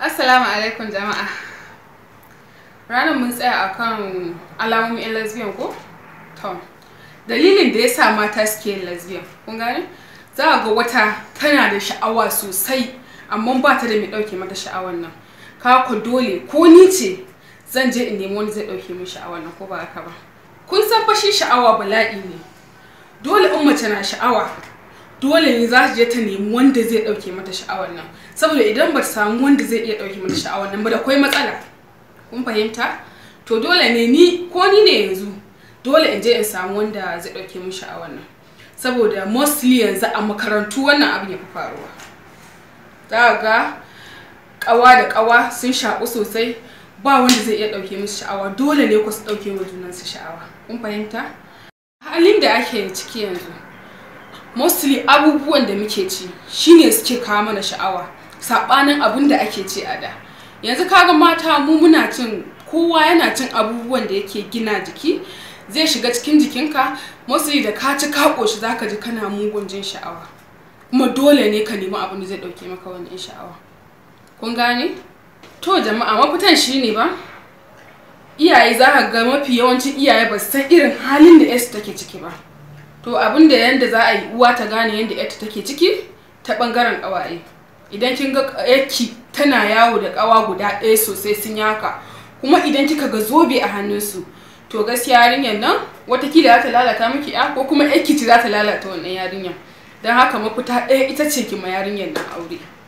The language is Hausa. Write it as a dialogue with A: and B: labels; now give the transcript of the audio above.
A: Assalamu alaikum jama'a. Ranar mun tsaya akan alamomi 'yan lesbian ko? Tom. Dalilin da ya sa mata suke yin lesbian, kun gane? Za a ga wata tana da sha'awa sosai, amma ba ta da mai ɗauke mata sha'awar nan. Ka dole ko ni ce zan je in nemi wani zai ɗauke min sha'awar nan ko ba haka ba. Kun san fashi sha'awa bala'i ne. Dole in mace na sha'awa dole ne za su je ta nemi wanda zai dauke mata sha'awar nan saboda idan ba ta samu wanda zai iya dauke mata sha'awar nan ba da kwai matsala kun fahimta to dole ne ni ko ni ne yanzu dole in je in samu wanda zai dauke min sha'awar nan saboda mostly yanzu a makarantu wannan abin ya fi faruwa za ga kawa da kawa sun shaku sosai ba wanda zai iya dauke musu sha'awa dole ne ku su dauke wa junansu sha'awa kun fahimta halin da ake ciki yanzu mostly abubuwan da muke ci shine suke kawo mana sha'awa saɓanin abin da ake ci a da yanzu kaga mata mu muna cin kowa yana cin abubuwan da yake gina jiki zai shiga cikin jikinka mostly da ka ci ka koshi zaka ji kana mugun jin sha'awa kuma dole ne ka nemi abin da zai dauke maka wannan sha'awa kun gane to jama'a mafitan shine ba iyaye za ka ga mafi yawancin iyaye ba su san irin halin da yasu take ciki ba to abin da yanda za a yi uwa ta gane yanda yarta take ciki ta bangaren kawaye idan kin ga yarki tana yawo da kawa guda ɗaya sosai sun yaka kuma idan kika ga zobe a hannunsu to gaskiya yarinyar nan watakila za ta lalata miki ya ko kuma yaki ci za ta lalata wannan yarinyar don haka mafita ɗaya ita ce ki ma yarinyar nan aure